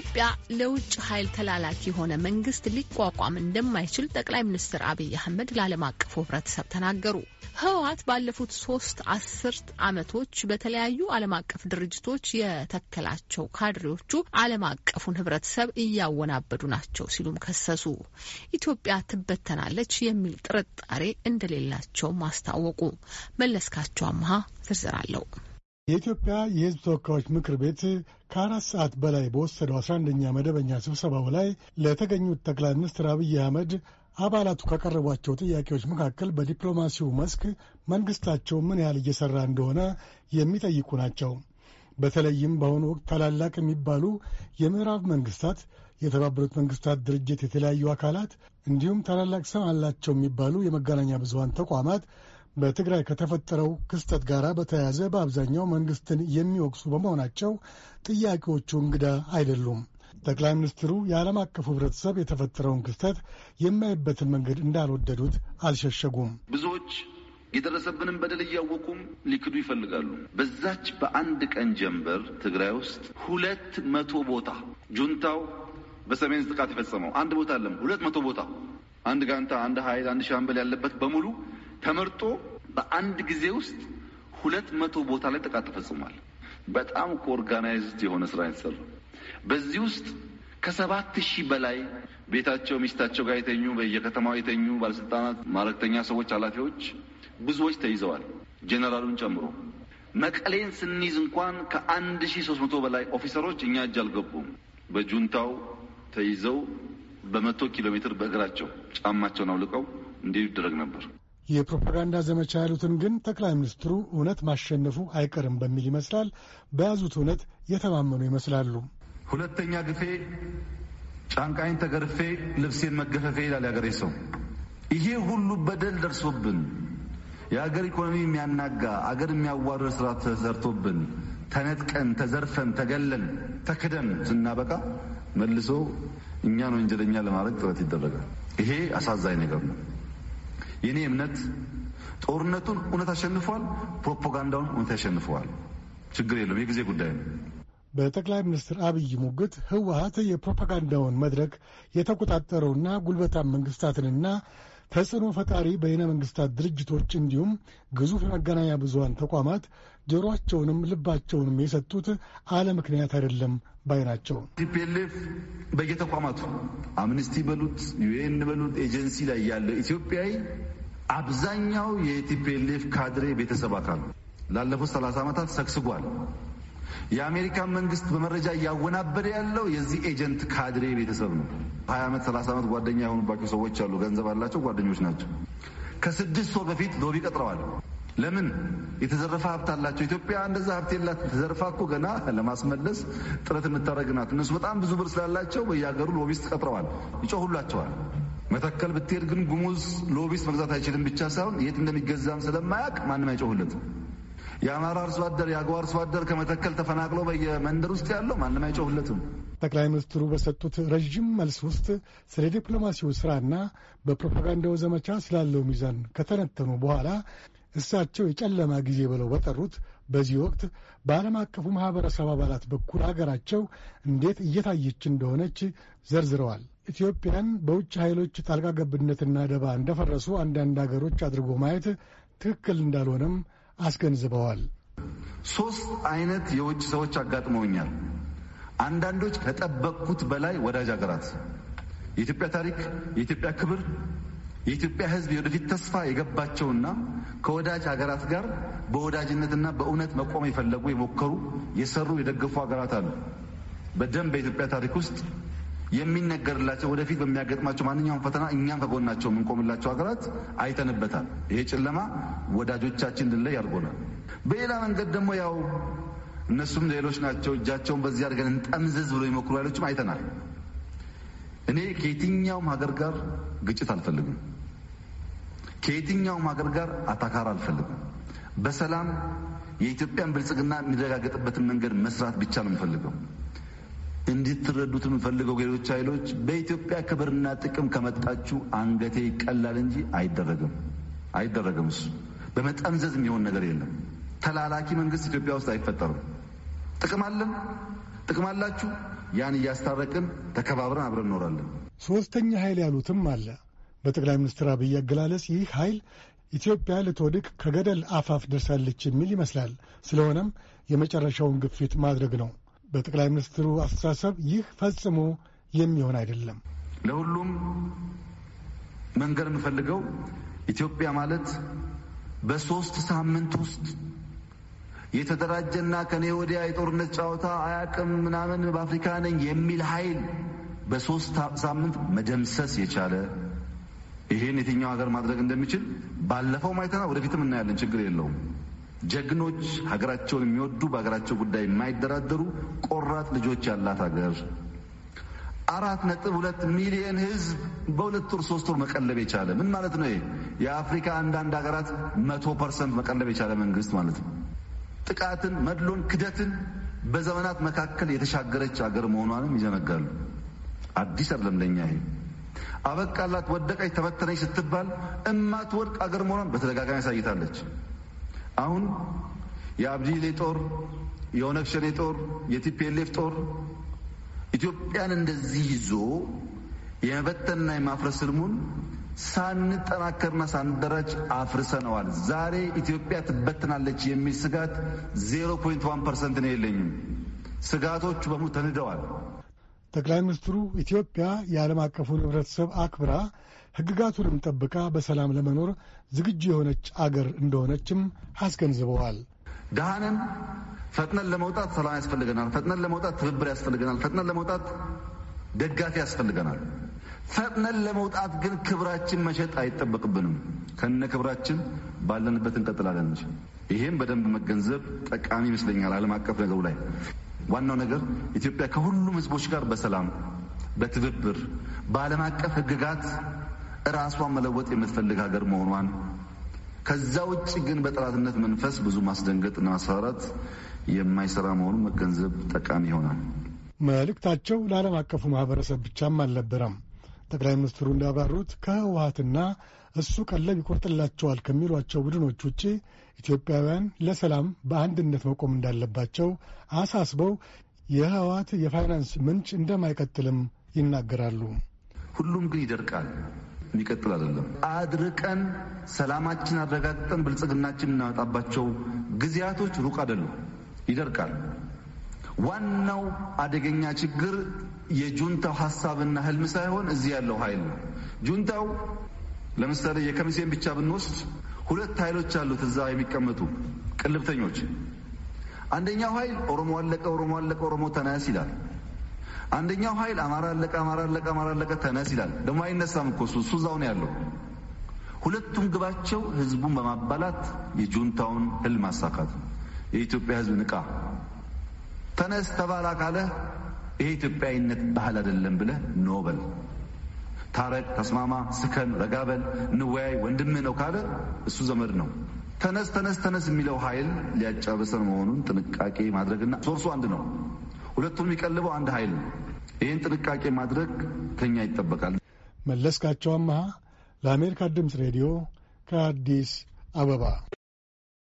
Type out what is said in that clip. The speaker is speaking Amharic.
ኢትዮጵያ ለውጭ ኃይል ተላላኪ የሆነ መንግስት ሊቋቋም እንደማይችል ጠቅላይ ሚኒስትር አብይ አህመድ ለዓለም አቀፉ ህብረተሰብ ተናገሩ። ህወሀት ባለፉት ሶስት አስርት ዓመቶች በተለያዩ ዓለም አቀፍ ድርጅቶች የተከላቸው ካድሬዎቹ ዓለም አቀፉን ህብረተሰብ እያወናበዱ ናቸው ሲሉም ከሰሱ። ኢትዮጵያ ትበተናለች የሚል ጥርጣሬ እንደሌላቸውም አስታወቁ። መለስካቸው አመሀ ዝርዝር አለው። የኢትዮጵያ የሕዝብ ተወካዮች ምክር ቤት ከአራት ሰዓት በላይ በወሰደው አስራ አንደኛ መደበኛ ስብሰባው ላይ ለተገኙት ጠቅላይ ሚኒስትር አብይ አህመድ አባላቱ ካቀረቧቸው ጥያቄዎች መካከል በዲፕሎማሲው መስክ መንግስታቸው ምን ያህል እየሰራ እንደሆነ የሚጠይቁ ናቸው። በተለይም በአሁኑ ወቅት ታላላቅ የሚባሉ የምዕራብ መንግስታት፣ የተባበሩት መንግስታት ድርጅት የተለያዩ አካላት እንዲሁም ታላላቅ ስም አላቸው የሚባሉ የመገናኛ ብዙሃን ተቋማት በትግራይ ከተፈጠረው ክስተት ጋር በተያያዘ በአብዛኛው መንግስትን የሚወቅሱ በመሆናቸው ጥያቄዎቹ እንግዳ አይደሉም። ጠቅላይ ሚኒስትሩ የዓለም አቀፉ ህብረተሰብ የተፈጠረውን ክስተት የማይበትን መንገድ እንዳልወደዱት አልሸሸጉም። ብዙዎች የደረሰብንም በደል እያወቁም ሊክዱ ይፈልጋሉ። በዛች በአንድ ቀን ጀንበር ትግራይ ውስጥ ሁለት መቶ ቦታ ጁንታው በሰሜን ጥቃት የፈጸመው አንድ ቦታ አለም ሁለት መቶ ቦታ አንድ ጋንታ፣ አንድ ኃይል፣ አንድ ሻምበል ያለበት በሙሉ ተመርጦ በአንድ ጊዜ ውስጥ ሁለት መቶ ቦታ ላይ ጥቃት ተፈጽሟል። በጣም ኦርጋናይዝድ የሆነ ስራ የተሰራ በዚህ ውስጥ ከሰባት ሺህ በላይ ቤታቸው ሚስታቸው ጋር የተኙ በየከተማው የተኙ ባለስልጣናት፣ ማረግተኛ ሰዎች፣ ኃላፊዎች ብዙዎች ተይዘዋል፣ ጀነራሉን ጨምሮ። መቀሌን ስንይዝ እንኳን ከአንድ ሺህ ሶስት መቶ በላይ ኦፊሰሮች እኛ እጅ አልገቡም። በጁንታው ተይዘው በመቶ ኪሎ ሜትር በእግራቸው ጫማቸውን አውልቀው እንዲሄዱ ይደረግ ነበር። የፕሮፓጋንዳ ዘመቻ ያሉትን ግን ጠቅላይ ሚኒስትሩ እውነት ማሸነፉ አይቀርም በሚል ይመስላል በያዙት እውነት የተማመኑ ይመስላሉ። ሁለተኛ ግፌ ጫንቃይን ተገርፌ ልብሴን መገፈፌ ይላል ያገሬ ሰው። ይሄ ሁሉ በደል ደርሶብን የሀገር ኢኮኖሚ የሚያናጋ አገር የሚያዋርድ ስራ ተሰርቶብን ተነጥቀን ተዘርፈን ተገለን ተክደን ስናበቃ መልሶ እኛን ወንጀለኛ ለማድረግ ጥረት ይደረጋል። ይሄ አሳዛኝ ነገር ነው። የእኔ እምነት ጦርነቱን እውነት አሸንፏል፣ ፕሮፓጋንዳውን እውነት ያሸንፈዋል። ችግር የለውም፣ የጊዜ ጉዳይ ነው። በጠቅላይ ሚኒስትር አብይ ሙግት ህወሀት የፕሮፓጋንዳውን መድረክ የተቆጣጠረውና ጉልበታን መንግስታትንና ተጽዕኖ ፈጣሪ በይነ መንግስታት ድርጅቶች እንዲሁም ግዙፍ የመገናኛ ብዙሀን ተቋማት ጆሮአቸውንም ልባቸውንም የሰጡት አለ ምክንያት አይደለም ባይ ናቸው። ቲፒኤልኤፍ በየተቋማቱ አምኒስቲ በሉት ዩኤን በሉት ኤጀንሲ ላይ ያለ ኢትዮጵያዊ አብዛኛው የቲፒኤልኤፍ ካድሬ ቤተሰብ አካል ላለፉት ሰላሳ ዓመታት ሰግስጓል። የአሜሪካን መንግስት በመረጃ እያወናበደ ያለው የዚህ ኤጀንት ካድሬ ቤተሰብ ነው። ሀያ ዓመት ሰላሳ ዓመት ጓደኛ የሆኑባቸው ሰዎች አሉ። ገንዘብ አላቸው፣ ጓደኞች ናቸው። ከስድስት ወር በፊት ሎቢ ቀጥረዋል። ለምን የተዘረፈ ሀብት አላቸው። ኢትዮጵያ እንደዛ ሀብት የላት። ተዘርፋ እኮ ገና ለማስመለስ ጥረት የምታደርግ ናት። እነሱ በጣም ብዙ ብር ስላላቸው በየሀገሩ ሎቢስት ቀጥረዋል፣ ይጮሁላቸዋል። መተከል ብትሄድ ግን ጉሙዝ ሎቢስት መግዛት አይችልም ብቻ ሳይሆን የት እንደሚገዛም ስለማያውቅ ማንም አይጮሁለትም። የአማራ አርሶ አደር፣ የአግባ አርሶ አደር ከመተከል ተፈናቅሎ በየመንደር ውስጥ ያለው ማንም አይጮህለትም። ጠቅላይ ሚኒስትሩ በሰጡት ረዥም መልስ ውስጥ ስለ ዲፕሎማሲው ስራና በፕሮፓጋንዳው ዘመቻ ስላለው ሚዛን ከተነተኑ በኋላ እሳቸው የጨለማ ጊዜ ብለው በጠሩት በዚህ ወቅት በዓለም አቀፉ ማኅበረሰብ አባላት በኩል አገራቸው እንዴት እየታየች እንደሆነች ዘርዝረዋል። ኢትዮጵያን በውጭ ኃይሎች ጣልቃ ገብነትና ደባ እንደፈረሱ አንዳንድ አገሮች አድርጎ ማየት ትክክል እንዳልሆነም አስገንዝበዋል። ሶስት አይነት የውጭ ሰዎች አጋጥመውኛል። አንዳንዶች ከጠበቅኩት በላይ ወዳጅ ሀገራት፣ የኢትዮጵያ ታሪክ፣ የኢትዮጵያ ክብር፣ የኢትዮጵያ ሕዝብ የወደፊት ተስፋ የገባቸውና ከወዳጅ ሀገራት ጋር በወዳጅነትና በእውነት መቆም የፈለጉ የሞከሩ፣ የሰሩ፣ የደገፉ ሀገራት አሉ። በደንብ በኢትዮጵያ ታሪክ ውስጥ የሚነገርላቸው ወደፊት በሚያገጥማቸው ማንኛውም ፈተና እኛም ከጎናቸው የምንቆምላቸው ሀገራት አይተንበታል። ይሄ ጨለማ ወዳጆቻችን እንድንለይ አድርጎናል። በሌላ መንገድ ደግሞ ያው እነሱም ሌሎች ናቸው እጃቸውን በዚህ አድርገን እንጠምዘዝ ብሎ የሞክሩ ያሎችም አይተናል። እኔ ከየትኛውም ሀገር ጋር ግጭት አልፈልግም። ከየትኛውም ሀገር ጋር አታካራ አልፈልግም። በሰላም የኢትዮጵያን ብልጽግና የሚረጋገጥበትን መንገድ መስራት ብቻ ነው የምፈልገው። እንድትረዱት የምፈልገው ሌሎች ኃይሎች በኢትዮጵያ ክብርና ጥቅም ከመጣችሁ አንገቴ ይቀላል እንጂ አይደረግም አይደረግም። እሱ በመጠምዘዝ የሚሆን ነገር የለም። ተላላኪ መንግስት ኢትዮጵያ ውስጥ አይፈጠርም። ጥቅም አለን፣ ጥቅም አላችሁ። ያን እያስታረቅን ተከባብረን አብረን እኖራለን። ሶስተኛ ኃይል ያሉትም አለ። በጠቅላይ ሚኒስትር አብይ አገላለጽ ይህ ኃይል ኢትዮጵያ ልትወድቅ ከገደል አፋፍ ደርሳለች የሚል ይመስላል። ስለሆነም የመጨረሻውን ግፊት ማድረግ ነው። በጠቅላይ ሚኒስትሩ አስተሳሰብ ይህ ፈጽሞ የሚሆን አይደለም። ለሁሉም መንገድ የምፈልገው ኢትዮጵያ ማለት በሶስት ሳምንት ውስጥ የተደራጀና ከኔ ወዲያ የጦርነት ጨዋታ አያቅም ምናምን በአፍሪካ ነኝ የሚል ኃይል በሶስት ሳምንት መደምሰስ የቻለ ይህን የትኛው ሀገር ማድረግ እንደሚችል ባለፈው ማይተና ወደፊትም እናያለን። ችግር የለውም። ጀግኖች፣ ሀገራቸውን የሚወዱ በሀገራቸው ጉዳይ የማይደራደሩ ቆራጥ ልጆች ያላት ሀገር አራት ነጥብ ሁለት ሚሊየን ህዝብ በሁለት ወር ሶስት ወር መቀለብ የቻለ ምን ማለት ነው? የአፍሪካ አንዳንድ ሀገራት መቶ ፐርሰንት መቀለብ የቻለ መንግስት ማለት ነው። ጥቃትን፣ መድሎን፣ ክደትን በዘመናት መካከል የተሻገረች ሀገር መሆኗንም ይዘነጋሉ። አዲስ አይደለም ለእኛ ይሄ። አበቃላት፣ ወደቀች፣ ተበተነች ስትባል እማትወድቅ አገር መሆኗን በተደጋጋሚ ያሳይታለች። አሁን የአብዲሌ ጦር፣ የኦነግ ሸኔ ጦር፣ የቲፒኤልኤፍ ጦር ኢትዮጵያን እንደዚህ ይዞ የመበተንና የማፍረስ ህልሙን ሳንጠናከርና ሳንደራጅ አፍርሰነዋል። ዛሬ ኢትዮጵያ ትበትናለች የሚል ስጋት 0.1 ፐርሰንት ነው የለኝም። ስጋቶቹ በሙሉ ተንደዋል። ጠቅላይ ሚኒስትሩ ኢትዮጵያ የዓለም አቀፉን ህብረተሰብ አክብራ ሕግጋቱንም ጠብቃ በሰላም ለመኖር ዝግጁ የሆነች አገር እንደሆነችም አስገንዝበዋል። ድሃንን ፈጥነን ለመውጣት ሰላም ያስፈልገናል። ፈጥነን ለመውጣት ትብብር ያስፈልገናል። ፈጥነን ለመውጣት ደጋፊ ያስፈልገናል። ፈጥነን ለመውጣት ግን ክብራችን መሸጥ አይጠበቅብንም። ከነ ክብራችን ባለንበት እንቀጥላለን እንጂ ይህም በደንብ መገንዘብ ጠቃሚ ይመስለኛል። ዓለም አቀፍ ነገሩ ላይ ዋናው ነገር ኢትዮጵያ ከሁሉም ህዝቦች ጋር በሰላም በትብብር በዓለም አቀፍ ህግጋት ራሷን መለወጥ የምትፈልግ ሀገር መሆኗን ከዛ ውጭ ግን በጠላትነት መንፈስ ብዙ ማስደንገጥ እና ማስፈራራት የማይሰራ መሆኑን መገንዘብ ጠቃሚ ይሆናል። መልእክታቸው ለዓለም አቀፉ ማህበረሰብ ብቻም አልነበረም። ጠቅላይ ሚኒስትሩ እንዳብራሩት ከህወሀትና እሱ ቀለብ ይቆርጥላቸዋል ከሚሏቸው ቡድኖች ውጪ ኢትዮጵያውያን ለሰላም በአንድነት መቆም እንዳለባቸው አሳስበው የህወሓት የፋይናንስ ምንጭ እንደማይቀጥልም ይናገራሉ። ሁሉም ግን ይደርቃል፣ የሚቀጥል አይደለም። አድርቀን ሰላማችን አረጋግጠን ብልጽግናችን እናመጣባቸው ጊዜያቶች ሩቅ አይደሉም፣ ይደርቃል። ዋናው አደገኛ ችግር የጁንታው ሀሳብና ህልም ሳይሆን እዚህ ያለው ኃይል ነው። ጁንታው ለምሳሌ የከሚሴን ብቻ ብንወስድ ሁለት ኃይሎች አሉት እዛ የሚቀመጡ ቅልብተኞች። አንደኛው ኃይል ኦሮሞ አለቀ፣ ኦሮሞ አለቀ፣ ኦሮሞ ተነስ ይላል። አንደኛው ኃይል አማራ አለቀ፣ አማራ አለቀ፣ አማራ አለቀ ተነስ ይላል። ደግሞ አይነሳም እኮ እሱ እሱ እዛው ነው ያለው። ሁለቱም ግባቸው ህዝቡን በማባላት የጁንታውን ህል ማሳካት የኢትዮጵያ ህዝብ ንቃ፣ ተነስ ተባላ ካለ ይሄ ኢትዮጵያዊነት ባህል አይደለም ብለህ ኖበል። ታረቅ፣ ተስማማ፣ ስከን፣ ረጋበል፣ እንወያይ፣ ወንድም ነው ካለ እሱ ዘመድ ነው። ተነስ ተነስ ተነስ የሚለው ኃይል ሊያጫበሰን መሆኑን ጥንቃቄ ማድረግና ሶርሱ አንድ ነው። ሁለቱም የሚቀልበው አንድ ኃይል ነው። ይህን ጥንቃቄ ማድረግ ከኛ ይጠበቃል። መለስካቸው አመሃ ለአሜሪካ ድምፅ ሬዲዮ ከአዲስ አበባ